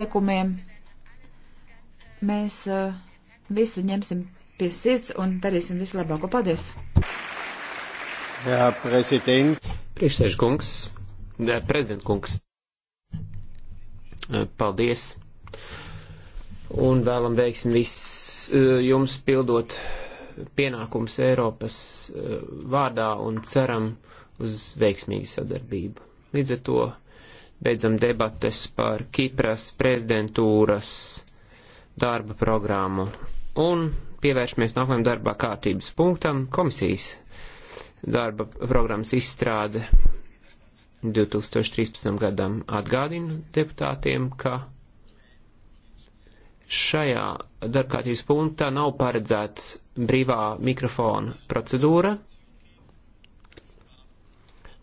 likumiem. Mēs uh, visu ņemsim pie sirds un darīsim visu labāko. Paldies! Jā, prezident. Priekšsēž kungs, prezident kungs. Eh, paldies! Un vēlam veiksim viss eh, jums pildot pienākums Eiropas vārdā un ceram uz veiksmīgu sadarbību. Līdz ar to beidzam debates par Kipras prezidentūras darba programmu un pievēršamies nākamajam darbā kārtības punktam - komisijas darba programmas izstrāde 2013. gadam atgādina deputātiem, ka šajā darbkārtības punktā nav paredzēts brīvā mikrofona procedūra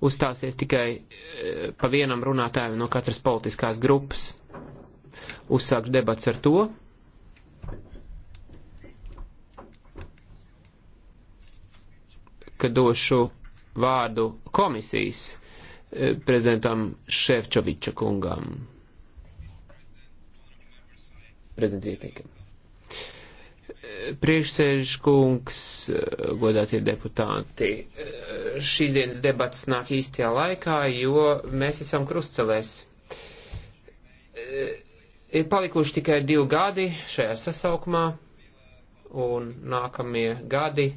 uzstāsies tikai eh, pa vienam runātājam no katras politiskās grupas. Uzsākšu debats ar to. ka došu vārdu komisijas eh, prezidentam Šefčoviča kungam. Prezidenta vietniekam. Eh, priekšsēžkungs, godātie deputāti, šīs dienas debatas nāk īstajā laikā, jo mēs esam krustcelēs. E, ir palikuši tikai divi gadi šajā sasaukumā, un nākamie gadi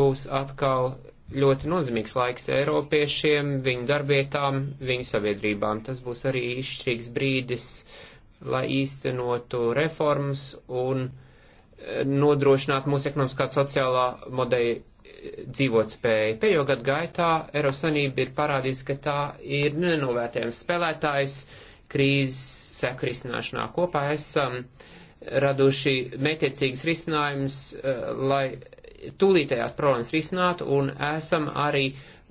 būs atkal ļoti nozīmīgs laiks Eiropiešiem, viņu darbietām, viņu sabiedrībām. Tas būs arī izšķirīgs brīdis, lai īstenotu reformas un e, nodrošinātu mūsu ekonomiskā sociālā modeļa dzīvot spēju. Pējo gadu gaitā Eiropas Sanība ir parādījusi, ka tā ir nenovērtējams spēlētājs krīzes seku risināšanā. Kopā esam raduši mētiecīgas risinājumus, eh, lai tūlītējās problēmas risinātu, un esam arī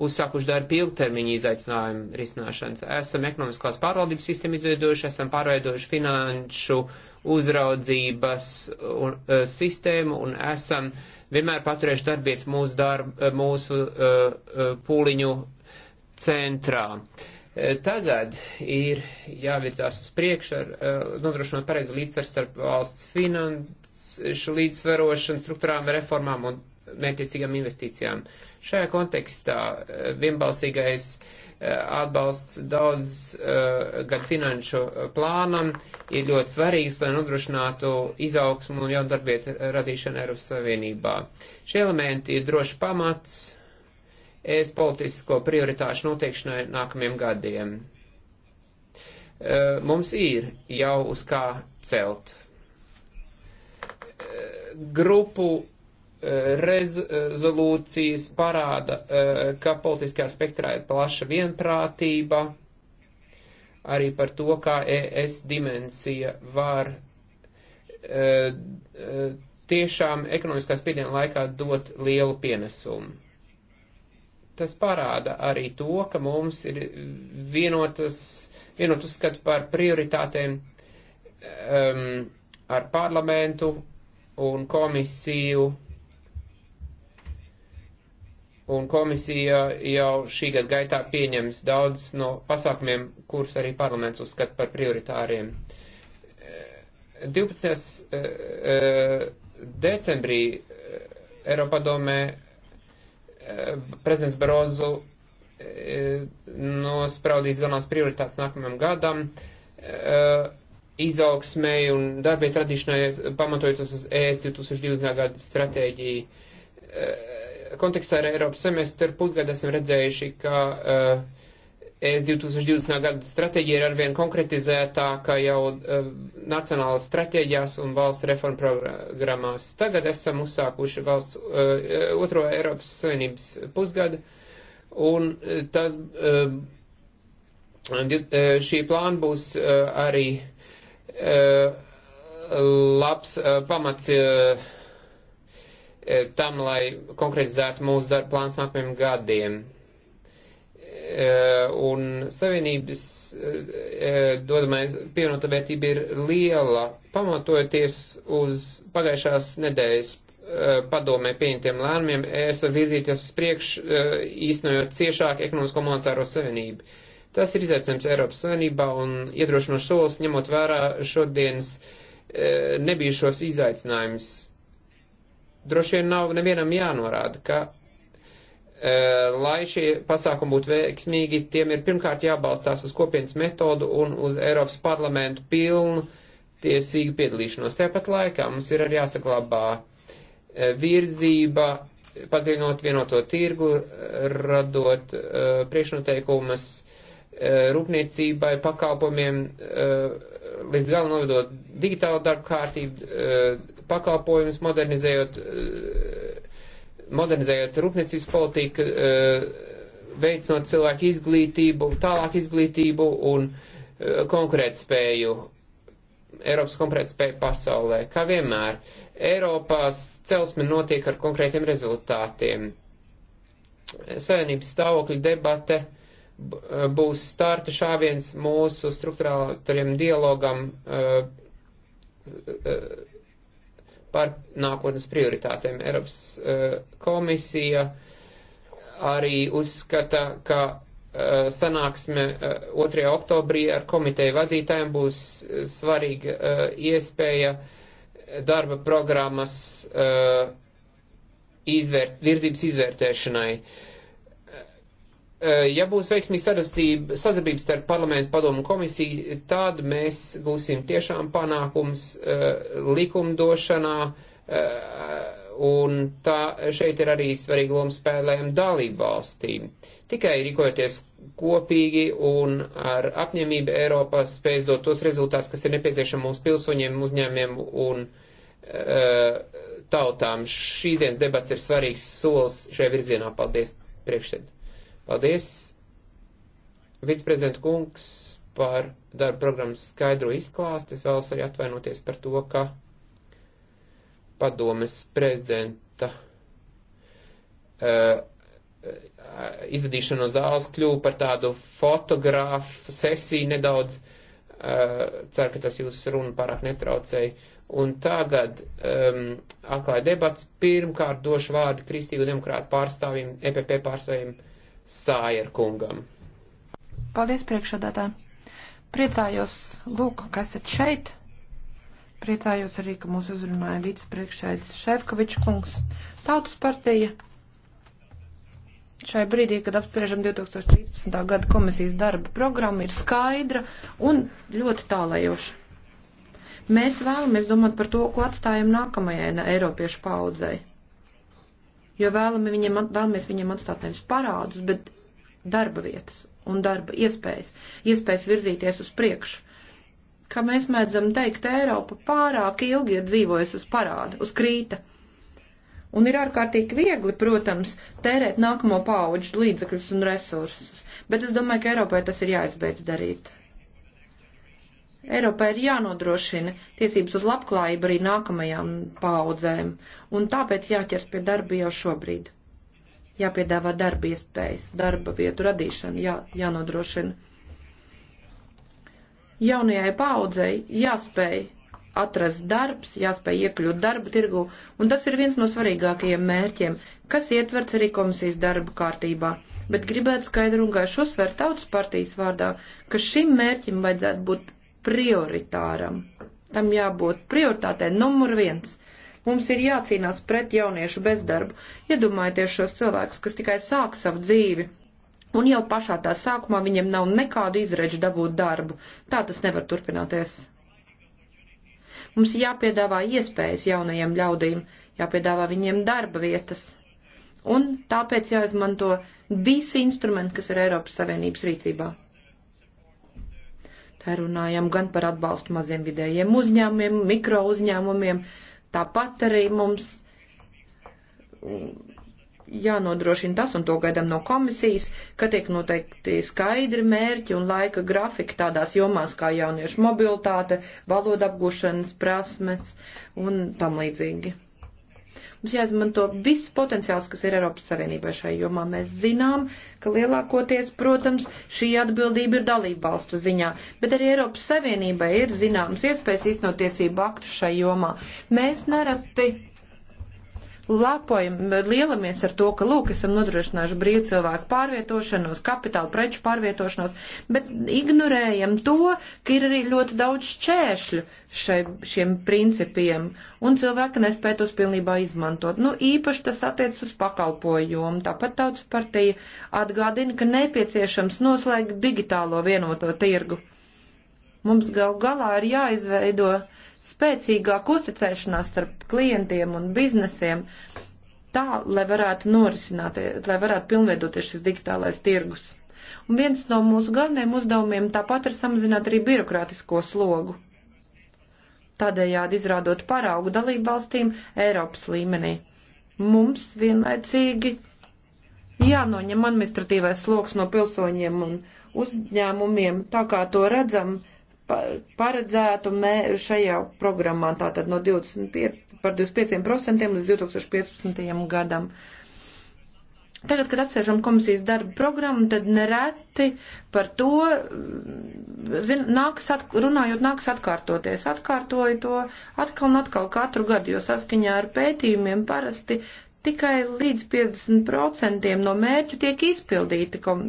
uzsākuši darbu ilgtermiņa izaicinājumu risināšanas. Esam ekonomiskās pārvaldības sistēmu izveidojuši, esam pārveidojuši finanšu uzraudzības un, eh, sistēmu un esam uh, vienmēr paturēšu darbietas mūsu, darb, eh, mūsu uh, pūliņu centrā. Tagad ir jāvirzās uz priekšu ar uh, nodrošinot pareizi līdzsvaru starp valsts finanšu līdzsvarošanu, struktūrām reformām un mērķiecīgām investīcijām. Šajā kontekstā vienbalsīgais uh, atbalsts daudz eh, gadu finanšu plānam ir ļoti svarīgs, lai nodrošinātu izaugsmu un jaunu darbietu radīšanu Eiropas Savienībā. Šie elementi ir droši pamats es politisko prioritāšu noteikšanai nākamiem gadiem. Eh, mums ir jau uz kā celt. Eh, grupu rezolūcijas parāda, eh, ka politiskā spektrā ir plaša vienprātība arī par to, kā ES dimensija var eh, eh, tiešām ekonomiskās spiediena laikā dot lielu pienesumu. Tas parāda arī to, ka mums ir vienotas, vienot uzskatu par prioritātēm um, ar parlamentu un komisiju un komisija jau šī gada gaitā pieņems daudz no pasākumiem, kurus arī parlaments uzskata par prioritāriem. 12. Eh, eh, eh, decembrī Eiropadomē prezidents Barozu nospraudīs galvenās prioritātes nākamajam gadam izaugsmēji un darbietu radīšanai pamatojoties uz ES 2020. gada stratēģiju kontekstā ar Eiropas semestru pusgadu esam redzējuši, ka uh, ES 2020. gada stratēģija ir arvien konkretizētāka jau uh, eh, nacionālās stratēģijās un valsts reforma programmās. Tagad esam uzsākuši valsts uh, otro Eiropas Savienības pusgadu, un tas, uh, šī plāna būs uh, arī uh, labs uh, pamats. Uh, E, tam, lai konkretizētu mūsu darba plāns nākamajiem gadiem. E, un savienības e, dodamais pievienotā vērtība ir liela, pamatojoties uz pagājušās nedēļas padomē pieņemtiem lēmumiem, es varu virzīties uz priekšu, īstenojot ciešāku ekonomisko monetāro savienību. Tas ir izaicinājums Eiropas Savienībā un iedrošinošs solis, ņemot vērā šodienas nebijušos izaicinājumus Droši vien nav nevienam jānorāda, ka, e, lai šie pasākumi būtu veiksmīgi, tiem ir pirmkārt jābalstās uz kopienas metodu un uz Eiropas parlamentu pilnu tiesīgu piedalīšanos. Tāpat laikā mums ir arī jāsaglabā e, virzība, padziļinot vienoto tirgu, radot uh, priekšnoteikumus uh, rūpniecībai, pakalpojumiem, uh, līdz galam novedot digitālu darbu kārtību, eh, pakalpojumus modernizējot, eh, modernizējot rūpniecības politiku, eh, veicinot cilvēku izglītību, tālāk izglītību un konkurētspēju, Eiropas konkurētspēju pasaulē. Kā vienmēr, Eiropās celsme notiek ar konkrētiem rezultātiem. Savienības stāvokļa debate uh, būs starta šāviens mūsu struktūrāliem dialogam uh, par nākotnes prioritātēm. Eiropas uh, komisija arī uzskata, ka uh, sanāksme 2. oktobrī ar komiteju vadītājiem būs svarīga iespēja darba programmas izvērt, virzības izvērtēšanai. Uh, Eh, ja būs veiksmīga sadarbība starp parlamentu padomu komisiju, tad mēs gūsim tiešām panākums eh, likumdošanā, eh, un tā šeit ir arī svarīga loma spēlējama dalību valstīm. Tikai rīkojoties kopīgi un ar apņemību Eiropā spēs dot tos rezultātus, kas ir nepieciešami mūsu pilsoņiem, uzņēmiem un tautām. Šīs dienas debats ir svarīgs solis šajā virzienā. Paldies, priekšsēdētāji! Paldies, viceprezidenta kungs, par darba programmas skaidro izklāstu. Es vēlos arī atvainoties par to, ka padomes prezidenta uh, izvadīšana no zāles kļuva par tādu fotogrāfu sesiju nedaudz. Uh, ceru, ka tas jūs runu pārāk netraucēja. Un tagad um, atklāja debats. Pirmkārt došu vārdu Kristīgo demokrātu pārstāvjiem, EPP pārstāvjiem. Uh, Sājerkungam. Paldies priekšādātā. Priecājos, lūk, kas ir šeit. Priecājos arī, ka mūs uzrunāja vicepriekšēdis Šefkovičs kungs, Tautas partija. Šai brīdī, kad apspriežam 2013. gada komisijas darba programmu, ir skaidra un ļoti tālējoša. Mēs vēlamies domāt par to, ko atstājam nākamajai Eiropiešu paudzei jo vēlami viņiem, vēlamies viņiem atstāt nevis parādus, bet darba vietas un darba iespējas, iespējas virzīties uz priekšu. Kā mēs mēdzam teikt, Eiropa pārāk ilgi ir dzīvojusi uz parādu, uz krīta. Un ir ārkārtīgi viegli, protams, tērēt nākamo pauģu līdzekļus un resursus, bet es domāju, ka Eiropai tas ir jāizbeidz darīt. Eiropā ir jānodrošina tiesības uz labklājību arī nākamajām paudzēm, un tāpēc jāķers pie darba jau šobrīd. Jāpiedāvā darba iespējas, darba vietu radīšana, jā, jānodrošina. Jaunajai paudzei jāspēj atrast darbs, jāspēj iekļūt darba tirgu, un tas ir viens no svarīgākajiem mērķiem, kas ietverts arī komisijas darba kārtībā. Bet gribētu skaidru un gaišu uzsvērt tautas partijas vārdā, ka šim mērķim vajadzētu būt prioritāram. Tam jābūt prioritātei numur viens. Mums ir jācīnās pret jauniešu bezdarbu. Iedomājieties šos cilvēkus, kas tikai sāk savu dzīvi. Un jau pašā tā sākumā viņiem nav nekādu izredzi dabūt darbu. Tā tas nevar turpināties. Mums jāpiedāvā iespējas jaunajiem ļaudīm, jāpiedāvā viņiem darba vietas. Un tāpēc jāizmanto visi instrumenti, kas ir Eiropas Savienības rīcībā. Tā runājam gan par atbalstu maziem vidējiem uzņēmumiem, mikro uzņēmumiem, tāpat arī mums jānodrošina tas, un to gaidām no komisijas, ka tiek noteikti skaidri mērķi un laika grafika tādās jomās kā jauniešu mobilitāte, valoda apgūšanas prasmes un tam līdzīgi. Mums jāizmanto viss potenciāls, kas ir Eiropas Savienībā šai jomā. Mēs zinām, ka lielākoties, protams, šī atbildība ir dalība valstu ziņā, bet arī Eiropas Savienotībai ir zināmas iespējas īstenot tiesību aktu šai jomā. Mēs nereti lepojam, lielamies ar to, ka, lūk, esam nodrošinājuši brīvu cilvēku pārvietošanos, kapitālu preču pārvietošanos, bet ignorējam to, ka ir arī ļoti daudz šķēršļu šai, šiem principiem, un cilvēki nespēja tos pilnībā izmantot. Nu, īpaši tas attiec uz pakalpojumu. Tāpat tautas partija atgādina, ka nepieciešams noslēgt digitālo vienoto tirgu. Mums gal galā ir jāizveido uh, spēcīgāku uzticēšanās starp klientiem un biznesiem, tā, lai varētu norisināt, lai varētu pilnveidoties šis digitālais tirgus. Un viens no mūsu galvenajiem uzdevumiem tāpat ir samazināt arī birokrātisko slogu. Tādējādi izrādot paraugu dalību valstīm Eiropas līmenī. Mums vienlaicīgi jānoņem administratīvais sloks no pilsoņiem un uzņēmumiem, tā kā to redzam paredzētu šajā programmā, tātad no 25, par 25% līdz 2015. gadam. Tagad, kad apsēžam komisijas darba programmu, tad nereti par to zin, nāks at, runājot, nāks atkārtoties. Atkārtoju to atkal un atkal katru gadu, jo saskaņā ar pētījumiem parasti tikai līdz 50% no mērķu tiek izpildīti. Kom,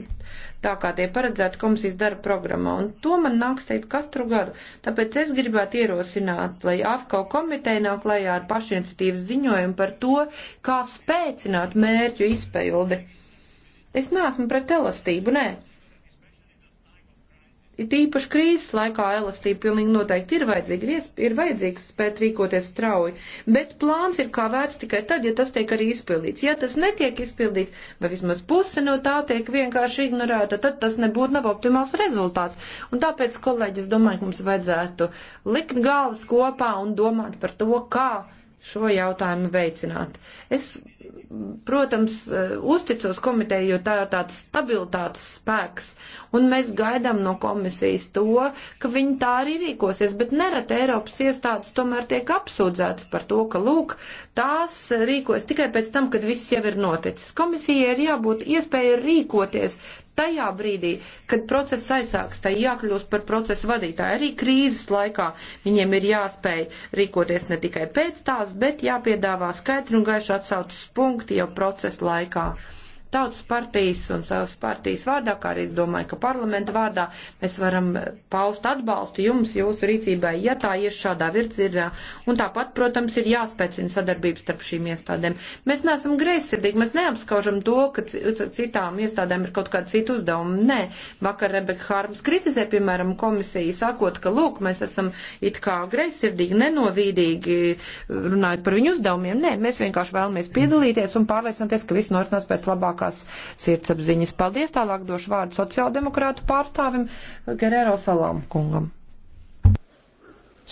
tā kā tie paredzēti komisijas darba programmā, un to man nāks teikt katru gadu. Tāpēc es gribētu ierosināt, lai AFKO komiteja nāk lajā ar pašiniciatīvas ziņojumu par to, kā spēcināt mērķu izpildi. Es neesmu pret elastību, nē. Ne It īpaši krīzes laikā elastība pilnīgi noteikti ir vajadzīga, ir vajadzīgs spēt rīkoties strauji, bet plāns ir kā vērts tikai tad, ja tas tiek arī izpildīts. Ja tas netiek izpildīts, vai vismaz puse no tā tiek vienkārši ignorēta, tad tas nebūtu nav optimāls rezultāts. Un tāpēc, kolēģi, es domāju, ka mums vajadzētu likt galvas kopā un domāt par to, kā šo jautājumu veicināt. Es protams, eh, uzticos komiteju, jo tā ir tāds stabilitātes spēks, un mēs gaidām no komisijas to, ka viņi tā arī rīkosies, bet nerad Eiropas iestādes tomēr tiek apsūdzēts par to, ka, lūk, tās rīkojas tikai pēc tam, kad viss jau ir noticis. Komisijai ir jābūt iespēja rīkoties tajā brīdī, kad process aizsāks, tai jākļūst par procesu vadītāju. Arī krīzes laikā viņiem ir jāspēj rīkoties ne tikai pēc tās, bet jāpiedāvā skaidri un gaiši atsaucas punkti jau procesa laikā tautas partijas un savas partijas vārdā, kā arī es domāju, ka parlamenta vārdā mēs varam paust atbalstu jums, jūsu rīcībai, ja tā ies šādā virzienā. Un tāpat, protams, ir jāspēcina sadarbības starp šīm iestādēm. Mēs neesam greizsirdīgi, mēs neapskaužam to, ka citām iestādēm ir kaut kāda cita uzdevuma. Nē, vakar Rebeka Hārms kritizē, piemēram, komisiju, sakot, ka, lūk, mēs esam it kā greizsirdīgi, nenovīdīgi runājot par viņu uzdevumiem. Nē, mēs vienkārši vēlamies piedalīties un pārliecināties, ka viss norisinās pēc labākā labākās sirdsapziņas. Paldies, tālāk došu vārdu sociāldemokrātu pārstāvim Gerero Salām kungam.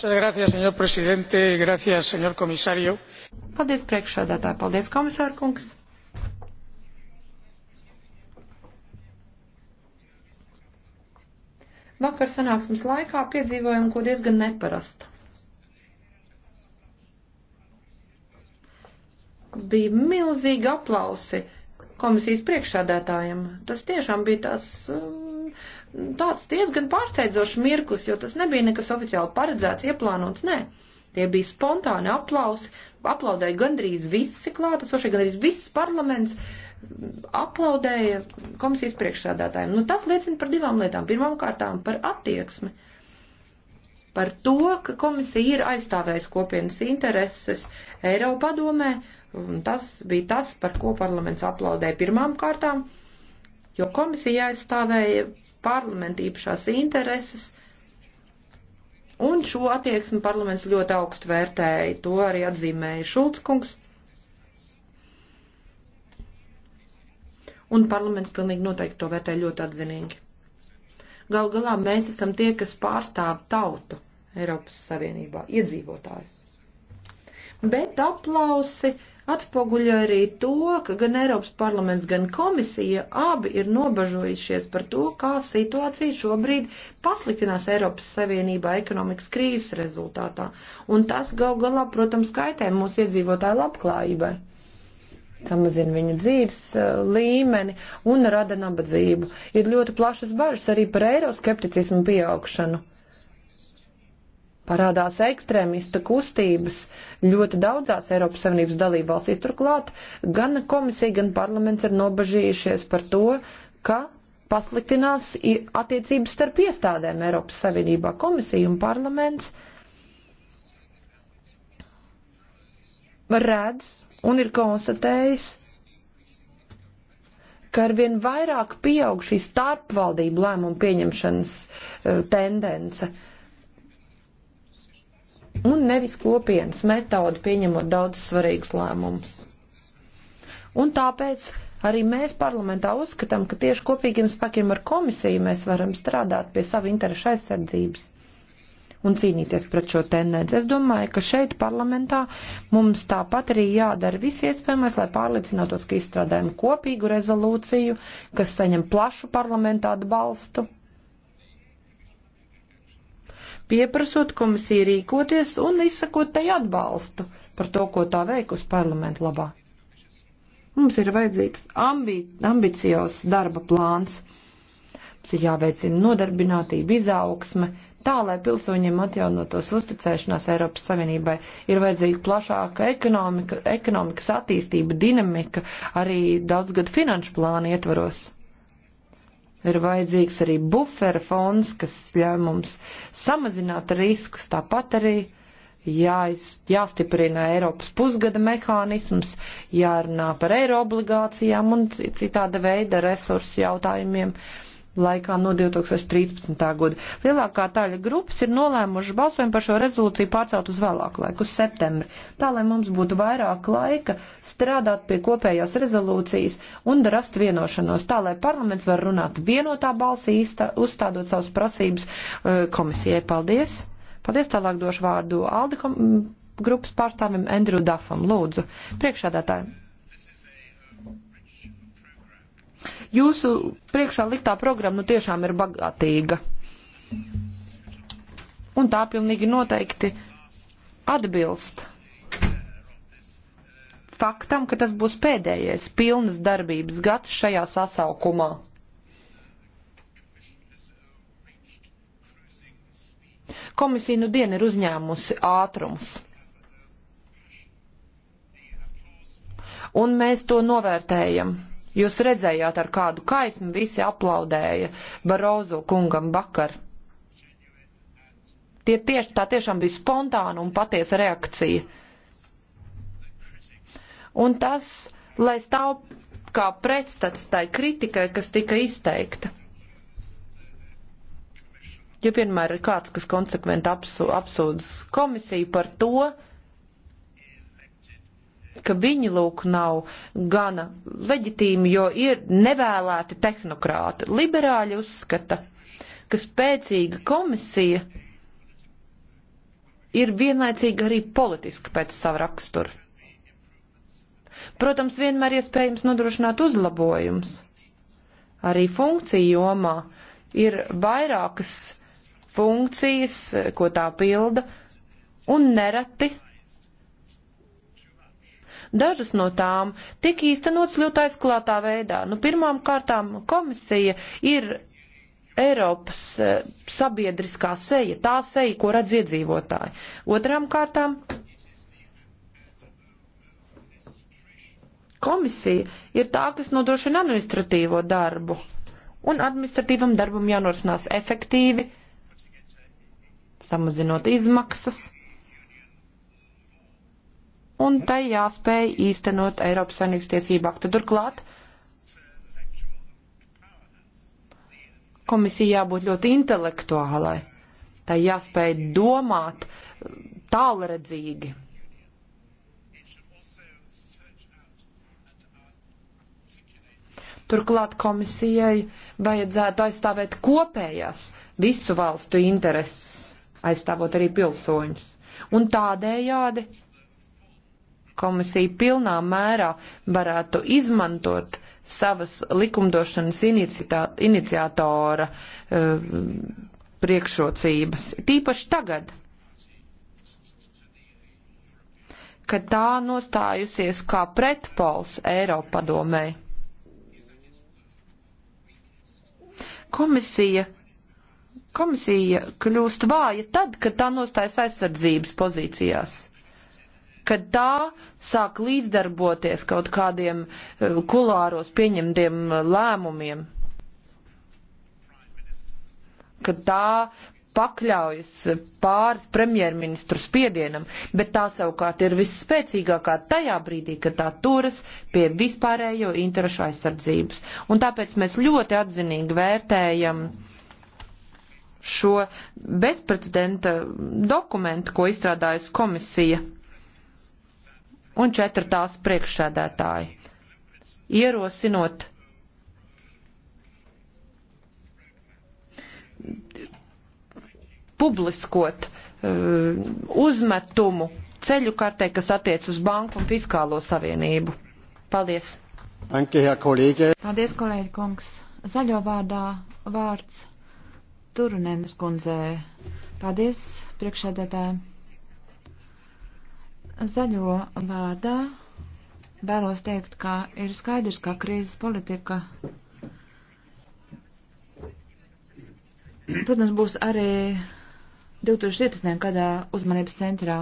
Gracias, señor presidente, gracias, señor komisario. Paldies, priekšsēdētāji, paldies, komisārkungs. Vakar sanāksmes laikā piedzīvojam ko diezgan neparastu. Bija milzīgi aplausi komisijas priekšsādātājam. Tas tiešām bija tās, um, tāds diezgan pārsteidzošs mirklis, jo tas nebija nekas oficiāli paredzēts, ieplānots, nē. Tie bija spontāni aplausi, aplaudēja gandrīz visi klātesošie, gandrīz viss parlaments aplaudēja komisijas priekšsādātājiem. Nu, tas liecina par divām lietām. Pirmām kārtām par attieksmi par to, ka komisija ir aizstāvējusi kopienas intereses Eiropadomē Un tas bija tas, par ko parlaments aplaudēja pirmām kārtām, jo komisija aizstāvēja parlamenta īpašās intereses, un šo attieksmi parlaments ļoti augstu vērtēja. To arī atzīmēja Šulckungs. Un parlaments pilnīgi noteikti to vērtē ļoti atzinīgi. Gal galā mēs esam tie, kas pārstāv tautu Eiropas Savienībā, iedzīvotājus. Bet aplausi atspoguļo arī to, ka gan Eiropas parlaments, gan komisija abi ir nobažojušies par to, kā situācija šobrīd pasliktinās Eiropas Savienībā ekonomikas krīzes rezultātā. Un tas gal galā, protams, kaitē mūsu iedzīvotāju labklājībai samazina viņu dzīves eh, līmeni un rada nabadzību. Ir ļoti plašas bažas arī par eiroskepticismu pieaugšanu. Parādās ekstrēmista kustības, uh, ļoti daudzās Eiropas Savienības dalību valstīs. Turklāt gan komisija, gan parlaments ir nobažījušies par to, ka pasliktinās attiecības starp iestādēm Eiropas Savienībā komisija un parlaments redz un ir konstatējis, ka arvien vairāk pieaug šī starpvaldību lēmumu pieņemšanas uh, tendence. Uh, un nevis kopienas metodi pieņemot daudz svarīgus lēmumus. Un tāpēc arī mēs parlamentā uzskatām, ka tieši kopīgiem spēkiem ar komisiju mēs varam strādāt pie savu interešu aizsardzības un cīnīties pret šo tendenci. Es domāju, ka šeit parlamentā mums tāpat arī jādara viss iespējamais, lai pārliecinātos, ka izstrādājam kopīgu rezolūciju, kas saņem plašu parlamentādu balstu pieprasot komisiju rīkoties un izsakot tai atbalstu par to, ko tā veikusi parlamentu labā. Mums ir vajadzīgs ambi ambiciozs darba plāns. Mums ir jāveicina nodarbinātība, izaugsme, tā, lai pilsoņiem atjaunotos uzticēšanās Eiropas Savienībai, ir vajadzīga plašāka ekonomika, ekonomikas attīstība, dinamika, arī daudzgad finanšu plāna ietvaros. Ir vajadzīgs arī bufera fonds, kas ļauj mums samazināt riskus, tāpat arī jāiz, jāstiprina Eiropas pusgada mehānisms, jārunā par eiro obligācijām un citāda veida resursu jautājumiem. Uh, laikā no 2013. gada. Lielākā daļa grupas ir nolēmuši balsojumu par šo rezolūciju pārcelt uz vēlāku laiku, uz septembri, tā lai mums būtu vairāk laika strādāt pie kopējās rezolūcijas un rast vienošanos, tā lai parlaments var runāt vienotā balsī, uzstādot savus prasības uh, komisijai. Paldies! Paldies, tālāk došu vārdu Aldi grupas pārstāvim Andrew Dafam. Lūdzu, priekšādātāji! Jūsu priekšā liktā programma nu tiešām ir bagātīga. Un tā pilnīgi noteikti atbilst faktam, ka tas būs pēdējais pilnas darbības gads šajā sasaukumā. Komisija nu dienu ir uzņēmusi ātrums. Un mēs to novērtējam. Jūs redzējāt, ar kādu kaismu visi aplaudēja Barozo kungam vakar. Tie tieši, tā tiešām bija spontāna un patiesa reakcija. Un tas, lai stāv kā pretstats tai kritikai, kas tika izteikta. Ja, piemēram, ir kāds, kas konsekventi apsūdz komisiju par to, ka viņi lūk nav gana leģitīmi, jo ir nevēlēti tehnokrāti. Liberāļi uzskata, ka spēcīga komisija ir vienlaicīgi arī politiska pēc savu raksturu. Protams, vienmēr iespējams nodrošināt uzlabojums. Arī funkcija jomā ir vairākas funkcijas, ko tā pilda, un nereti Dažas no tām tika īstenots ļoti aizklātā veidā. Nu, pirmām kārtām komisija ir Eiropas e, sabiedriskā seja, tā seja, ko redz iedzīvotāji. Otrām kārtām komisija ir tā, kas nodrošina administratīvo darbu. Un administratīvam darbam jānorisinās efektīvi, samazinot izmaksas un tai jāspēj īstenot Eiropas Savienības tiesību aktu. Turklāt komisija jābūt ļoti intelektuālai. Tai jāspēj domāt tālredzīgi. Turklāt komisijai vajadzētu aizstāvēt kopējās visu valstu intereses, aizstāvot arī pilsoņus. Un tādējādi komisija pilnā mērā varētu izmantot savas likumdošanas iniciatora uh, priekšrocības. Tīpaši tagad, kad tā nostājusies kā pretpols Eiropadomē. Komisija komisija kļūst vāja tad, kad tā nostājas aizsardzības pozīcijās kad tā sāk līdzdarboties kaut kādiem e, kulāros pieņemtiem e, lēmumiem, kad tā pakļaujas pāris premjerministru spiedienam, bet tā savukārt ir visspēcīgākā tajā brīdī, kad tā turas pie vispārējo interešu aizsardzības. Un tāpēc mēs ļoti atzinīgi vērtējam šo bezprecedenta dokumentu, ko izstrādājusi komisija un četri tās priekšsēdētāji, ierosinot publiskot uh, uzmetumu ceļu kartē, kas attiec uz banku un fiskālo savienību. Paldies! Anke, jā, kolēģi! Paldies, kolēģi kungs! Zaļo vārdā vārds Turunenes kundzē. Paldies, priekšsēdētājiem! Zaļo vārdā vēlos teikt, ka ir skaidrs, ka krīzes politika, protams, būs arī 2017. gadā uzmanības centrā,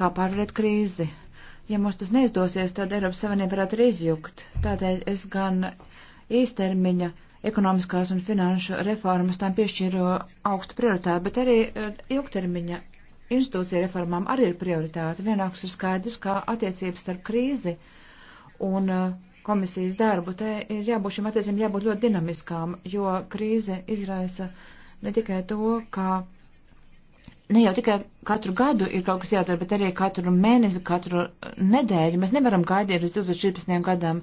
kā pārvarēt krīzi. Ja mums tas neizdosies, tad Eiropas Savienība varētu arī izjukt. Tādēļ es gan īstermiņa ekonomiskās un finanšu reformas tām piešķiru augstu prioritāti, bet arī eh, ilgtermiņa institūcija reformām arī ir prioritāte. Vienāks ir skaidrs, kā attiecības starp krīzi un eh, komisijas darbu. Te ir jābūt šim attiecībām jābūt ļoti dinamiskām, jo krīze izraisa ne tikai to, ka ne jau tikai katru gadu ir kaut kas jādara, bet arī katru mēnesi, katru nedēļu. Mēs nevaram gaidīt līdz 2014. gadam,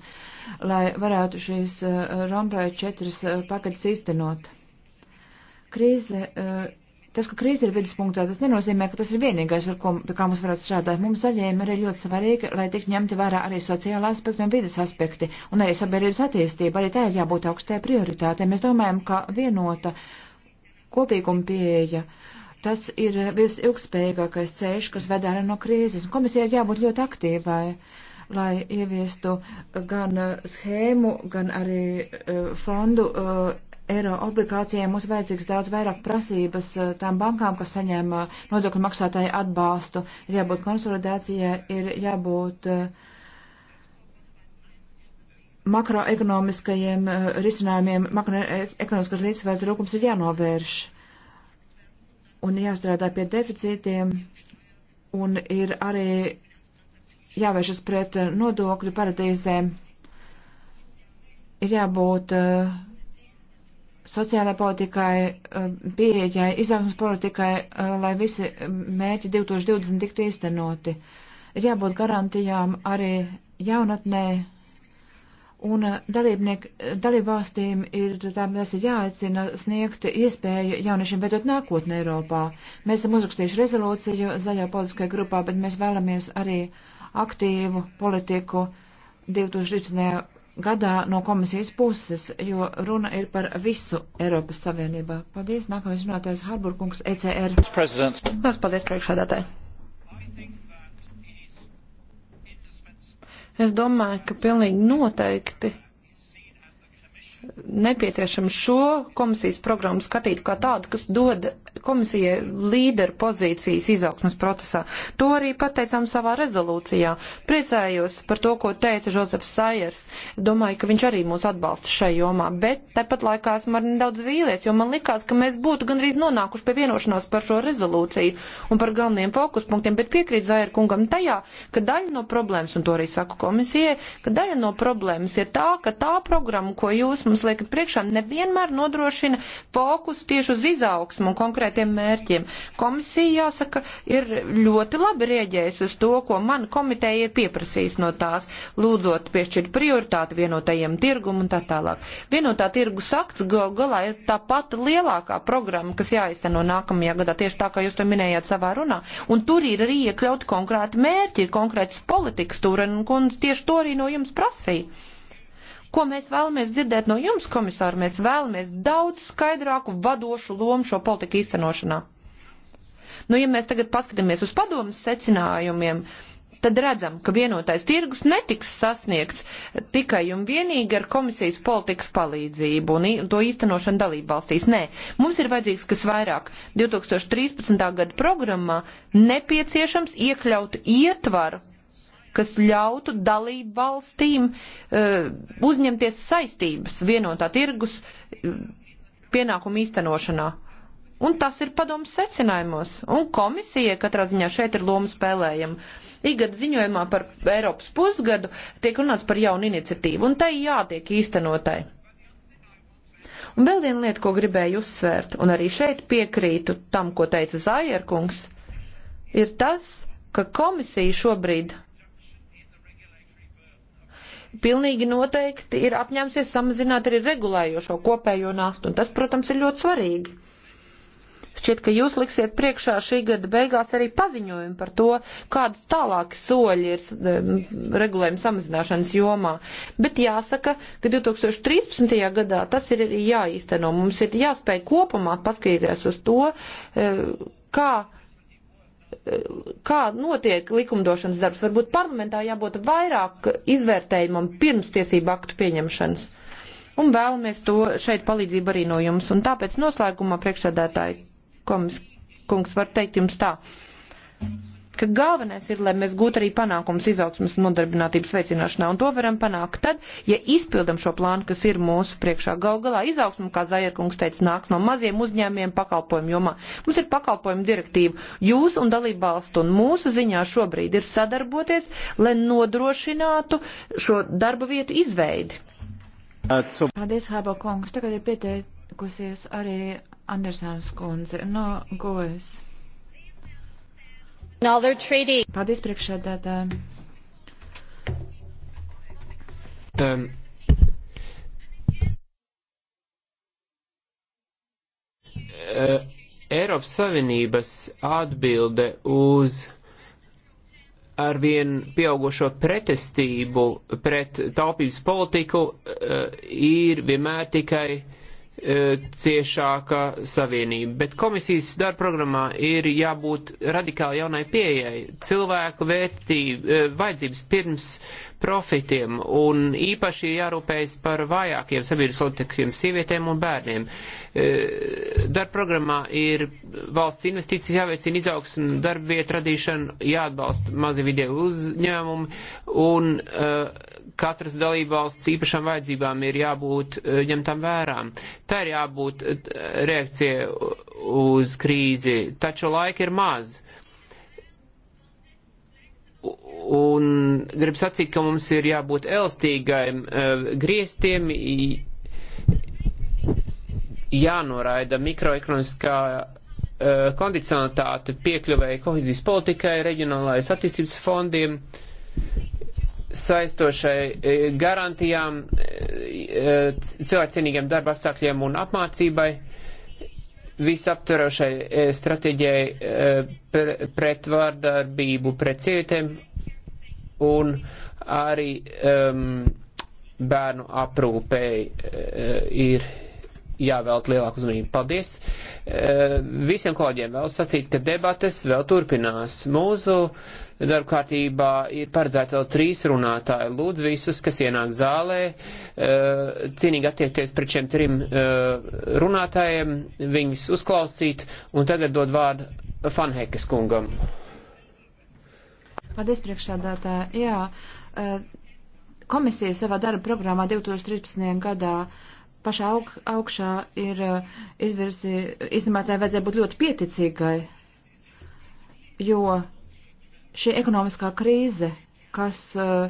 lai varētu šīs uh, eh, Rombrāja četras uh, pakaļas īstenot. Krīze uh, Tas, ka krīze ir viduspunktā, tas nenozīmē, ka tas ir vienīgais, ar ko, pie kā mums varētu strādāt. Mums zaļiem ir ļoti svarīgi, lai tik ņemti vērā arī sociāla aspekta un vidas aspekti, un arī sabiedrības attīstība. Arī tā ir jābūt augstajai prioritātei. Mēs domājam, ka vienota kopīguma pieeja. Tas ir visilgspējīgākais ceļš, kas ved ārā no krīzes. Komisija ir jābūt ļoti aktīvai lai ieviestu gan uh, schēmu, gan arī uh, fondu uh, eiro obligācijām mums vajadzīgs daudz vairāk prasības eh, tām bankām, kas saņem eh, nodokļu maksātāju atbalstu. Ir jābūt konsolidācijai, ir jābūt eh, makroekonomiskajiem risinājumiem, makroekonomiskās līdzsvēra trūkums ir jānovērš un jāstrādā pie deficītiem un ir arī jāvēršas pret nodokļu paradīzēm. Ir jābūt uh, sociālai politikai, um, pieejai, izaugsmas politikai, um, lai visi mērķi 2020 tiktu īstenoti. Ir jābūt garantijām arī jaunatnē, un uh, uh, dalībvalstīm ir, tās ir jāaicina sniegt iespēju jauniešiem veidot nākotni Eiropā. Mēs esam uzrakstījuši rezolūciju zaļā politiskajā grupā, bet mēs vēlamies arī aktīvu politiku 2013 gadā no komisijas puses, jo runa ir par visu Eiropas Savienībā. Paldies, nākamais runātājs Harburkungs, ECR. Lielas paldies priekšādātāji. Es domāju, ka pilnīgi noteikti nepieciešams šo komisijas programmu skatīt kā tādu, kas dod komisijai līderu pozīcijas izaugsmas procesā. To arī pateicām savā rezolūcijā. Priecājos par to, ko teica Žozefs Sajers. Domāju, ka viņš arī mūs atbalsta šai jomā, bet tepat laikā esmu arī nedaudz vīlies, jo man likās, ka mēs būtu gandrīz nonākuši pie vienošanās par šo rezolūciju un par galveniem fokuspunktiem, bet piekrīt Zaira kungam tajā, ka daļa no problēmas, un to arī saku komisijai, ka daļa no problēmas ir tā, ka tā programma, ko jūs mums liekat priekšā, nevienmēr nodrošina fokus tieši uz izaugsmu un konkrētiem mērķiem. Komisija, jāsaka, ir ļoti labi rieģējusi uz to, ko man komiteja ir pieprasījis no tās, lūdzot piešķirt prioritāti vienotajiem tirgumu un tā tālāk. Vienotā tirgus akts gal galā ir tā pati lielākā programma, kas jāizteno nākamajā gadā, tieši tā, kā jūs to minējāt savā runā. Un tur ir arī iekļauti konkrēti mērķi, ir konkrētas politikas tur, un kundze tieši to arī no jums prasīja. Ko mēs vēlamies dzirdēt no jums, komisāri? Mēs vēlamies daudz skaidrāku vadošu lomu šo politiku īstenošanā. Nu, ja mēs tagad paskatāmies uz padomus secinājumiem, tad redzam, ka vienotais tirgus netiks sasniegts tikai un vienīgi ar komisijas politikas palīdzību un to īstenošanu dalībvalstīs. Nē, mums ir vajadzīgs kas vairāk. 2013. gada programmā nepieciešams iekļaut ietvaru kas ļautu dalību valstīm uh, uzņemties saistības vienotā tirgus e, pienākumu īstenošanā. Un tas ir padomus secinājumos. Un komisija katrā ziņā šeit ir loma spēlējama. Igad ziņojumā par Eiropas pusgadu tiek runāts par jaunu iniciatīvu, un tai jātiek īstenotai. Un vēl viena lieta, ko gribēju uzsvērt, un arī šeit piekrītu tam, ko teica Zajerkungs, ir tas, ka komisija šobrīd pilnīgi noteikti ir apņēmusies samazināt arī regulējošo kopējo nastu, un tas, protams, ir ļoti svarīgi. Šķiet, ka jūs liksiet priekšā šī gada beigās arī paziņojumu par to, kādas tālākas soļi ir um, regulējuma samazināšanas jomā. Bet jāsaka, ka 2013. gadā tas ir arī jāīsteno. Mums ir jāspēj kopumā paskatīties uz to, eh, kā kā notiek likumdošanas darbs. Varbūt parlamentā jābūt vairāk izvērtējumam pirms tiesību aktu pieņemšanas. Un vēlamies to šeit palīdzību arī no jums. Un tāpēc noslēgumā priekšsēdētāji komis, kungs var teikt jums tā ka galvenais ir, lai mēs gūtu arī panākumus izaugsmas un nodarbinātības veicināšanā. Un to varam panākt tad, ja izpildam šo plānu, kas ir mūsu priekšā. Gal galā izaugsmu, kā Zajerkungs teica, nāks no maziem uzņēmiem pakalpojumu jomā. Mums ir pakalpojumu direktīva. Jūs un dalība valstu un mūsu ziņā šobrīd ir sadarboties, lai nodrošinātu šo darba vietu izveidi. Paldies, Hāba kungs. Tagad ir pieteikusies arī Andersāns kundze no Gojas. Paldies priekšsēdētājiem. Um. E, uh, Eiropas Savienības atbilde uz arvien pieaugušo pretestību pret taupības politiku uh, ir vienmēr tikai uh, E, ciešāka savienība. Bet komisijas darba programmā ir jābūt radikāli jaunai pieejai, cilvēku vērtību, e, vajadzības pirms profitiem un īpaši jārūpējas par vājākiem sabiedrības locekļiem, sievietēm un bērniem. E, darba programmā ir valsts investīcijas jāveicina izaugsmu, darba vietu radīšanu, jāatbalsta mazi video uzņēmumi un katras dalībvalsts īpašām vajadzībām ir jābūt eh, ņemtam vērām. Tā ir jābūt eh, reakcija uz krīzi, taču laika ir maz. Un gribu sacīt, ka mums ir jābūt elastīgiem eh, griestiem, jānoraida mikroekonomiskā kondicionalitāte piekļuvēja kohezijas politikai, reģionālais attīstības fondiem. Uh, saistošai e, garantijām, e, cilvēcienīgiem darba apstākļiem un apmācībai, visaptverošai e, stratēģijai pret vārdarbību pret sievietēm un arī um, bērnu aprūpēji uh, ir jāvēlt lielāku uzmanību. Paldies! Uh, visiem kolēģiem vēl sacīt, ka debates vēl turpinās. Mūsu uh, darbkārtībā ir paredzēts vēl trīs runātāji. Lūdzu visus, kas ienāk zālē, eh, cienīgi attiekties pret šiem trim eh, runātājiem, viņus uzklausīt, un tagad dod vārdu Fanhekas kungam. Paldies, priekšsādātāji. Jā, eh, komisija savā darba programmā 2013. gadā pašā aug, augšā ir izvirsi, īstenībā tā vajadzēja būt ļoti pieticīgai, jo šī ekonomiskā krīze, kas uh,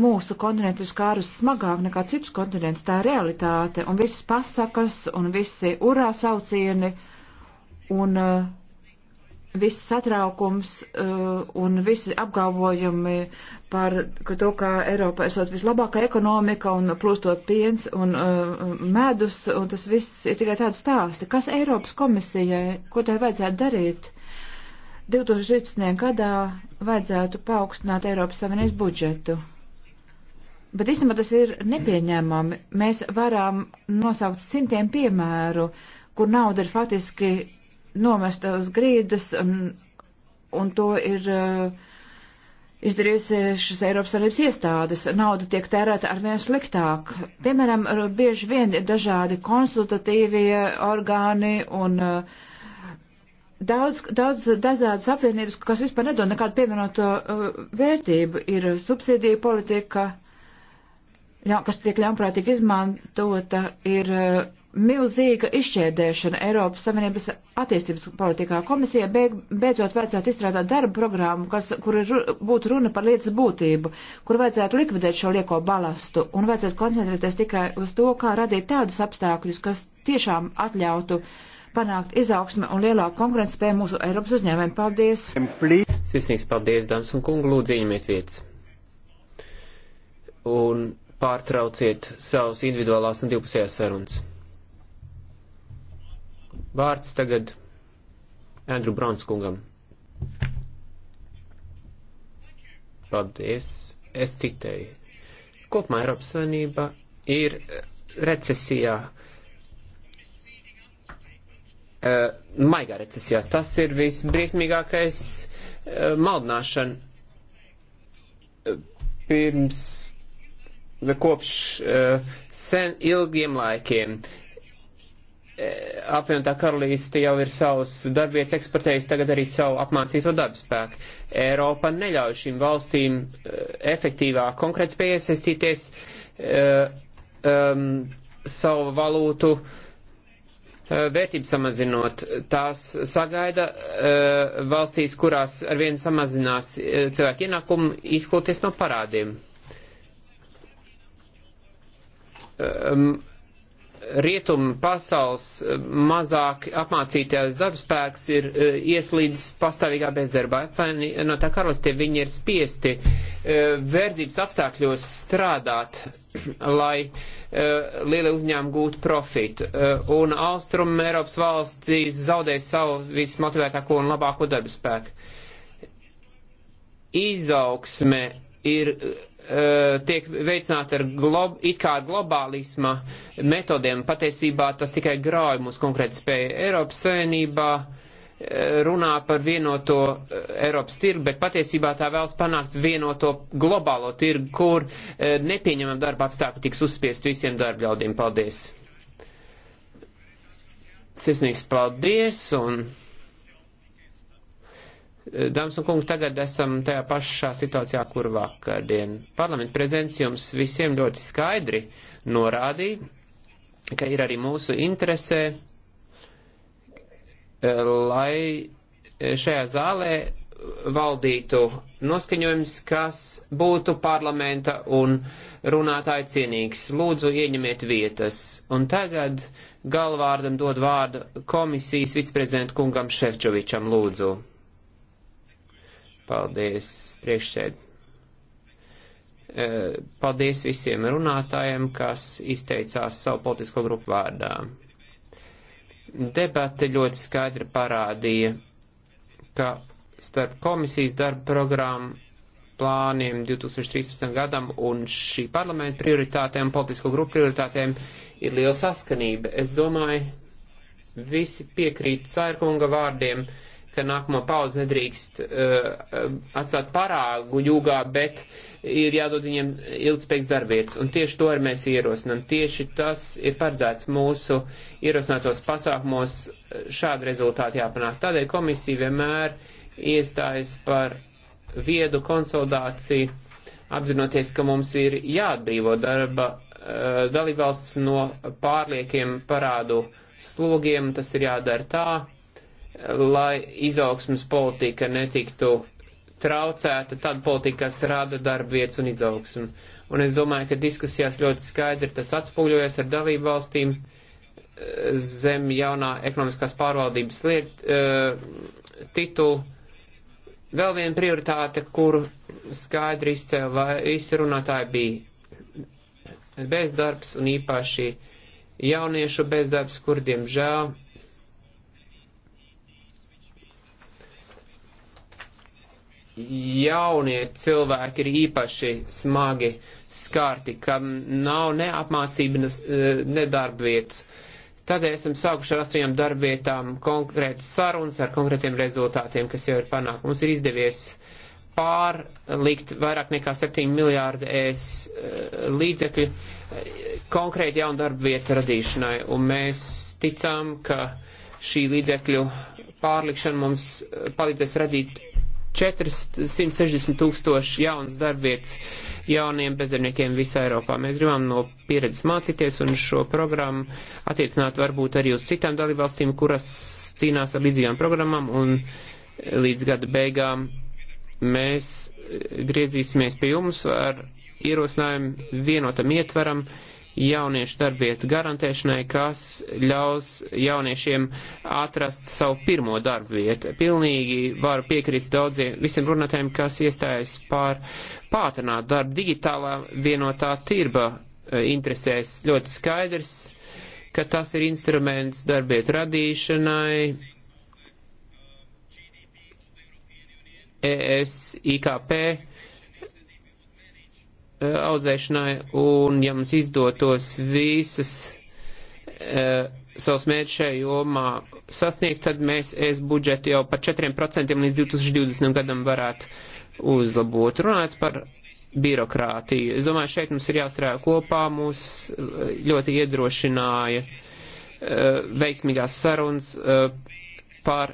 mūsu kontinentu ir skārus smagāk nekā citus kontinentus, tā ir realitāte, un visas pasakas, un visi urā saucieni, un uh, viss satraukums, uh, un visi apgalvojumi par ka to, kā Eiropa esot vislabākā ekonomika, un plūstot piens, un uh, medus, un tas viss ir tikai tāds stāsti. Kas Eiropas komisijai, ko tai vajadzētu darīt? Uh, 2013. gadā vajadzētu paaugstināt Eiropas Savienības budžetu. Bet īstenībā tas ir nepieņēmami. Mēs varam nosaukt simtiem piemēru, kur nauda ir faktiski nomesta uz grīdas, un, un to ir uh, eh, izdarījusies Eiropas Savienības iestādes. Nauda tiek tērēta arvien sliktāk. Piemēram, bieži vien ir dažādi konsultatīvie orgāni un uh, Daudz, daudz dažādas apvienības, kas vispār nedod nekādu pievienoto uh, vērtību, ir subsīdija politika, ļa, kas tiek ļaunprātīgi izmantota, ir uh, milzīga izšķēdēšana Eiropas Savienības attīstības politikā. Komisija beig, beidzot vajadzētu izstrādāt darba programmu, kas, kur ir, būtu runa par lietas būtību, kur vajadzētu likvidēt šo lieko balastu un vajadzētu koncentrēties tikai uz to, kā radīt tādus apstākļus, kas tiešām atļautu uh, panākt izaugsme un lielāku konkurētspēju mūsu Eiropas uzņēmēm. Paldies! Sirsnīgs paldies, dāmas un kungi, lūdzu ieņemiet vietas. Un pārtrauciet savus individuālās un divpusējās sarunas. Vārds tagad Andru Bronskungam. Paldies. Es citēju. Kopumā Eiropas Savienība ir recesijā. Eh, maigā recesijā. Tas ir visbriesmīgākais eh, maldināšana eh, pirms kopš sen ilgiem laikiem. Apvienotā karalīste jau ir savus darbvietas eksportējis, tagad arī savu apmācīto darbspēku. Eiropa neļauj šīm valstīm efektīvāk konkrētspēj iesaistīties um, savu valūtu uh, Eh, vērtību samazinot, tās sagaida eh, valstīs, kurās arvien samazinās eh, cilvēku ienākumu, izkloties no parādiem. Rietumu pasaules mazāk apmācītais darbspēks ir ieslīdis pastāvīgā bezdarbā. No tā karalistē viņi ir spiesti verdzības apstākļos strādāt, lai uh, Eh, lielie uzņēmumi gūtu profitu. Eh, un Austrum Eiropas valstīs zaudēja savu vismotivētāko un labāko darba spēku. Izaugsme ir eh, tiek veicināta ar glob, it kā globālisma metodiem. Patiesībā tas tikai grauj mūsu konkrēti spēju Eiropas Savienībā. Uh, runā par vienoto eh, Eiropas tirgu, bet patiesībā tā vēlas panākt vienoto globālo tirgu, kur eh, nepieņemam darba apstākļi tiks uzspiest visiem darba ļaudīm. Paldies! Sirsnīgs paldies! Un... Eh, dāmas un kungi, tagad esam tajā pašā situācijā, kur vakardien. Parlamenta prezidents jums visiem ļoti skaidri norādīja, ka ir arī mūsu interesē lai šajā zālē valdītu noskaņojums, kas būtu parlamenta un runātāja cienīgs. Lūdzu, ieņemiet vietas. Un tagad galvārdam dod vārdu komisijas viceprezidentu kungam Šefčovičam, lūdzu. Paldies, priekšsēd. E, paldies visiem runātājiem, kas izteicās savu politisko grupu vārdā. Debate ļoti skaidri parādīja, ka starp komisijas darba programmu plāniem 2013. gadam un šī parlamenta prioritātēm, politisko grupu prioritātēm ir liela saskanība. Es domāju, visi piekrīt Sairkunga vārdiem. Uh, ka nākamo paudzi nedrīkst uh, atstāt parāgu jūgā, bet ir jādod viņiem ilgspējīgs darbvietas. Un tieši to arī mēs ierosinam. Tieši tas ir paredzēts mūsu ierosinātos pasākumos eh, šādu rezultātu jāpanāk. Tādēļ komisija vienmēr iestājas par viedu konsolidāciju, apzinoties, ka mums ir jāatbrīvo darba uh, dalībvalsts no pārliekiem parādu slogiem. Tas ir jādara tā lai izaugsmas politika netiktu traucēta, tad politika, kas rada darba vietas un izaugsmu. Un es domāju, ka diskusijās ļoti skaidri tas atspūļojas ar dalību valstīm eh, zem jaunā ekonomiskās pārvaldības liet, uh, titulu. Vēl viena prioritāte, kuru skaidri izcēla visi runātāji, bija bezdarbs un īpaši jauniešu bezdarbs, kur diemžēl jaunie cilvēki ir īpaši smagi skārti, kam nav ne apmācības, e, ne darbvietas. Tādēļ esam sākuši ar astoņām darbvietām konkrētas sarunas ar konkrētiem rezultātiem, kas jau ir panākts. Mums ir izdevies pārlikt vairāk nekā 7 miljārdu es e, līdzekļu e, konkrēti jaunu darbu vietu radīšanai, un mēs ticām, ka šī līdzekļu pārlikšana mums palīdzēs radīt 460 tūkstoši jaunas darbvietas jauniem bezdarbniekiem visā Eiropā. Mēs gribam no pieredzes mācīties un šo programmu attiecināt varbūt arī uz citām dalībvalstīm, kuras cīnās ar līdzīgām programmām un līdz gada beigām mēs griezīsimies pie jums ar ierosinājumu vienotam ietveram jauniešu darbvietu garantēšanai, kas ļaus jauniešiem atrast savu pirmo darbvietu. Pilnīgi varu piekrist daudziem visiem runātājiem, kas iestājas pār pātrināt darbu digitālā vienotā tirba e, interesēs. Ļoti skaidrs, ka tas ir instruments darbvietu radīšanai. ES, IKP, Eh, audzēšanai, un ja mums izdotos visas uh, savus mērķus šajā jomā sasniegt, tad mēs es budžetu jau par 4% līdz 2020 gadam varētu uzlabot. Runāt par birokrātiju. Es domāju, šeit mums ir jāstrādā kopā, mūs eh, ļoti iedrošināja uh, veiksmīgās sarunas uh, par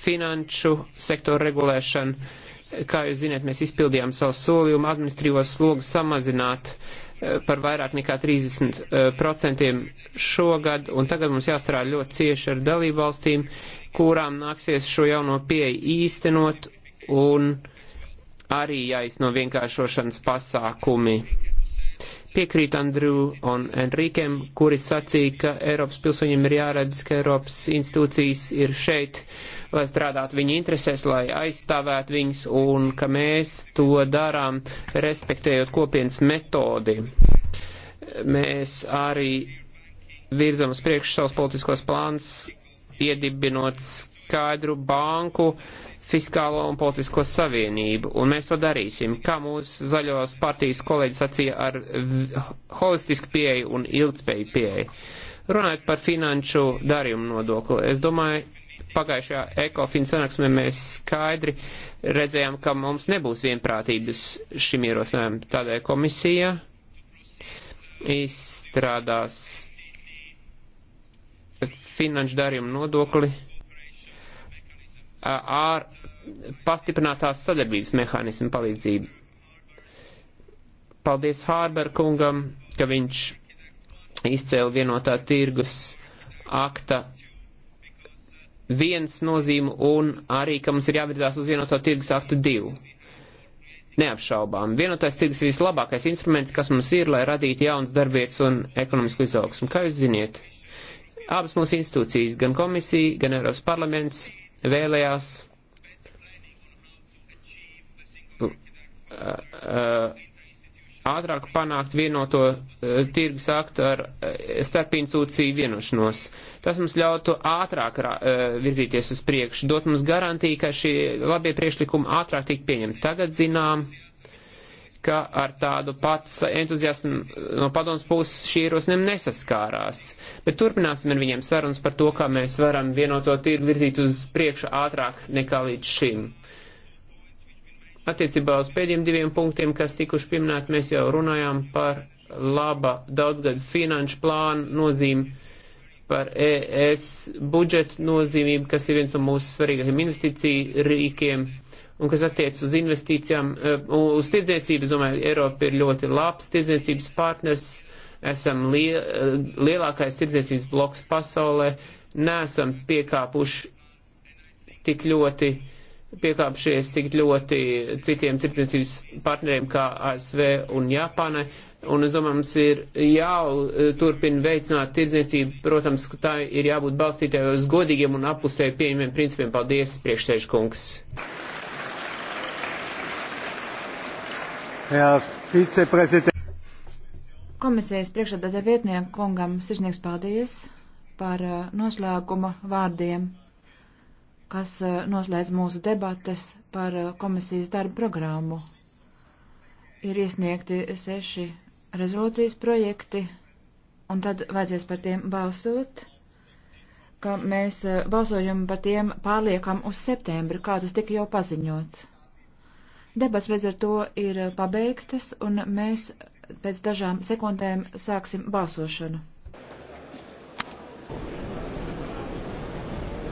finanšu sektoru regulēšanu Kā jūs zināt, mēs izpildījām savu solījumu administrīvos slogus samazināt eh, par vairāk nekā 30% eh, šogad, un tagad mums jāstrādā ļoti cieši ar dalību valstīm, kurām nāksies šo jauno pieeju īstenot, un arī jāizno vienkāršošanas pasākumi Piekrīt Andriju un Enrikiem, kuri sacīja, ka Eiropas pilsoņiem ir jāredz, ka Eiropas institūcijas ir šeit, lai strādātu viņu interesēs, lai aizstāvētu viņus un ka mēs to darām, respektējot kopienas metodi. Mēs arī virzam uz priekšu savus politiskos plāns, iedibinot skaidru banku, uh, fiskālo un politisko savienību, un mēs to darīsim, kā mūsu zaļos partijas kolēģis sacīja ar holistisku pieeju un ilgspēju pieeju. Runājot par finanšu darījumu nodokli, es domāju, pagājušajā ekofina sanāksmē mēs skaidri redzējām, ka mums nebūs vienprātības šim ierosinājumam. Tādēļ komisija izstrādās finanšu darījumu nodokli ar pastiprinātās sadarbības mehānismu palīdzību. Paldies Hārber kungam, ka viņš izcēla vienotā tirgus akta viens nozīmu un arī, ka mums ir jāvirzās uz vienotā tirgus aktu divu. Neapšaubām, vienotais tirgus ir vislabākais instruments, kas mums ir, lai radītu jaunas darbvietas un ekonomisku izaugsmu. Kā jūs ziniet, abas mūsu institūcijas, gan komisija, gan Eiropas parlaments, vēlējās uh, uh, ātrāk panākt vienoto uh, tirgus aktu ar starp institūciju vienošanos. Tas mums ļautu ātrāk virzīties uz priekšu, dot mums garantiju, ka šie labie priekšlikumi ātrāk tik pieņemti. Tagad zinām, ka ar tādu pats entuziasmu no padomas puses šī ierosinājuma nesaskārās. Bet turpināsim ar viņiem sarunas par to, kā mēs varam vienoto tirgu virzīt uz priekšu ātrāk nekā līdz šim. Attiecībā uz pēdējiem diviem punktiem, kas tikuši pieminēti, mēs jau runājām par laba daudzgadu finanšu plānu nozīmi, par ES budžetu nozīmību, kas ir viens no mūsu svarīgākajiem investīciju rīkiem Un kas attiec uz investīcijām, eh, uz tirdzniecību, es domāju, Eiropa ir ļoti labs tirdzniecības partners, esam eh, lielākais tirdzniecības bloks pasaulē, nesam piekāpuši tik ļoti, piekāpušies tik ļoti citiem tirdzniecības partneriem kā ASV un Japānai. Un es domāju, mums ir jāturpina eh, veicināt tirdzniecību. Protams, ka tā ir jābūt balstītāja uz godīgiem un apusēji pieņemiem principiem. Paldies, priekšsēžkungs! Komisijas priekšādātā vietnieku kungam sirsnīgs paldies par uh, noslēguma vārdiem, kas uh, noslēdz mūsu debates par uh, komisijas darbu programmu. Ir iesniegti seši rezolūcijas projekti, un tad vajadzēs par tiem balsot, ka mēs balsojumu par tiem pārliekam uz septembri, kā tas tika jau paziņots. Debats līdz ar to ir eh, pabeigtas, un mēs pēc dažām sekundēm sāksim balsošanu.